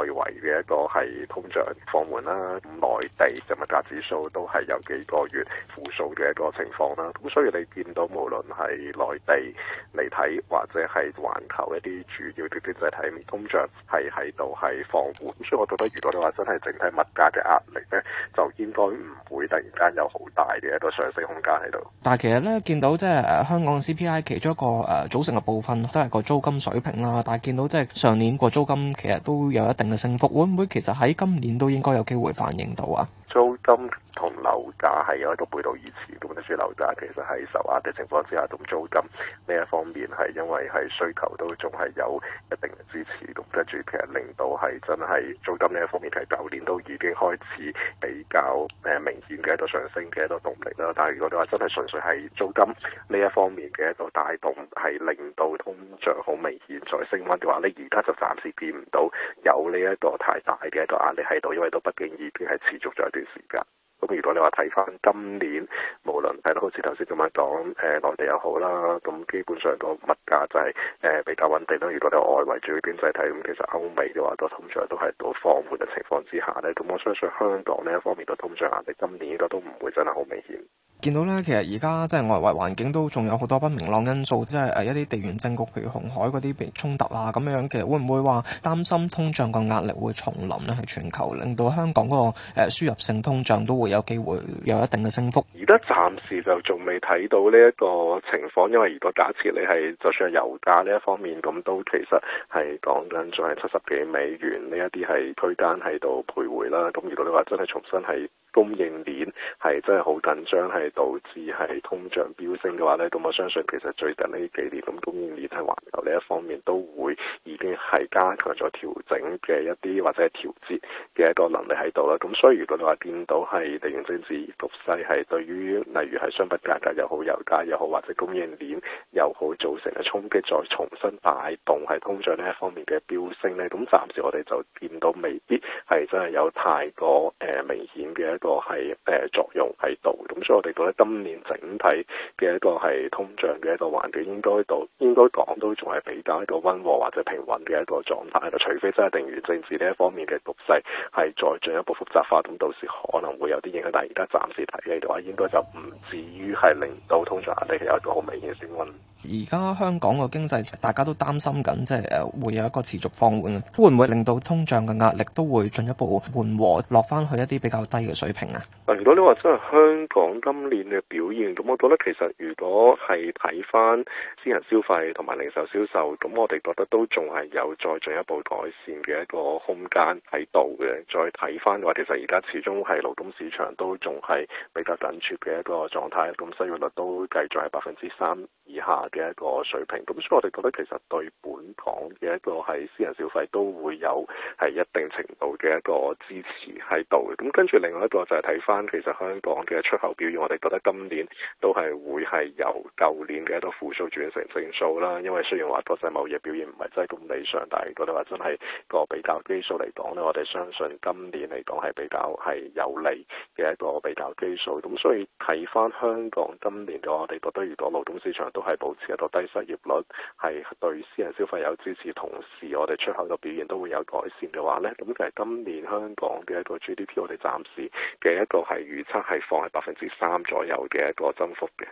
外圍嘅一個係通脹放緩啦，內地嘅物價指數都係有幾個月負數嘅一個情況啦。咁所以你見到無論係內地嚟睇，或者係環球一啲主要的經濟體面通脹係喺度係放緩。所以我覺得，如果你話真係整體物價嘅壓力咧，就應該唔會突然間有好大嘅一個上升空間喺度。但係其實咧，見到即係香港 CPI 其中一個誒、呃、組成嘅部分都係個租金水平啦。但係見到即係上年個租金其實都有一定。成服會唔會其實喺今年都應該有機會反映到啊？租金同樓價係有一個背道而馳，本跟住樓價其實係受壓嘅情況之下，咁租金呢一方面係因為係需求都仲係有一定嘅支持，咁跟住其實令到係真係租金呢一方面其實係舊年都已經開始比較誒明顯嘅一個上升嘅一個動力啦。但係如果你話真係純粹係租金呢一方面嘅一個帶動，係令到通脹好明顯再升温嘅話，你而家就暫時見唔到有呢一個太大嘅一個壓力喺度，因為都不經意啲係持續咗一段時間。如果你話睇翻今年，無論係好似頭先咁樣講，誒、呃、內地又好啦，咁基本上個物價就係、是、誒、呃、比較穩定啦。如果你外圍主要經濟體咁，其實歐美嘅話都通常都係到放緩嘅情況之下咧，咁我相信香港呢一方面嘅通脹壓力今年應該都唔會真係好明顯。見到咧，其實而家即係外圍環境都仲有好多不明朗因素，即係誒一啲地緣政局，譬如紅海嗰啲衝突啊咁樣。其實會唔會話擔心通脹個壓力會重臨咧？係全球令到香港嗰個誒輸入性通脹都會有機會有一定嘅升幅。而家暫時就仲未睇到呢一個情況，因為如果假設你係就算係油價呢一方面，咁都其實係講緊仲係七十幾美元呢一啲係區間喺度徘徊啦。咁如果你話真係重新係，供應鏈係真係好緊張，係導致係通脹飆升嘅話呢。咁我相信其實最近呢幾年咁供應鏈喺環球呢一方面都會已經係加強咗調整嘅一啲或者係調節嘅一個能力喺度啦。咁所以如果你話見到係地緣政治局勢係對於例如係商品價格又好、油價又好，或者供應鏈又好造成嘅衝擊，再重新帶動係通脹呢一方面嘅飆升呢。咁暫時我哋就見到未必係真係有太過誒、呃、明顯嘅個係誒作用喺度，咁所以我哋覺得今年整體嘅一個係通脹嘅一個環境，應該到應該講都仲係比較一個溫和或者平穩嘅一個狀態喺度，除非真係地緣政治呢一方面嘅局勢係再進一步複雜化，咁到時可能會有啲影響。但係而家暫時睇嚟嘅話，應該就唔至於係令到通脹壓力有一個好明顯升溫。而家香港嘅經濟大家都擔心緊，即係誒會有一個持續放緩，會唔會令到通脹嘅壓力都會進一步緩和，落翻去一啲比較低嘅水平啊？嗱，如果你話真係香港今年嘅表現，咁我覺得其實如果係睇翻私人消費同埋零售銷售，咁我哋覺得都仲係有再進一步改善嘅一個空間喺度嘅。再睇翻嘅話，其實而家始終係勞工市場都仲係比較緊缺嘅一個狀態，咁失業率都繼續係百分之三以下。嘅一個水平，咁所以我哋覺得其實對本港嘅一個係私人消費都會有係一定程度嘅一個支持喺度。咁跟住另外一個就係睇翻其實香港嘅出口表現，我哋覺得今年都係會係由舊年嘅一個負數轉成正數啦。因為雖然話國際貿易表現唔係真係咁理想，但係覺得話真係個比較基數嚟講咧，我哋相信今年嚟講係比較係有利嘅一個比較基數，咁所以睇翻香港今年嘅話，我哋覺得，如果勞動市場都係保一個低失業率係對私人消費有支持，同時我哋出口嘅表現都會有改善嘅話呢。咁其實今年香港嘅一個 GDP，我哋暫時嘅一個係預測係放喺百分之三左右嘅一個增幅嘅。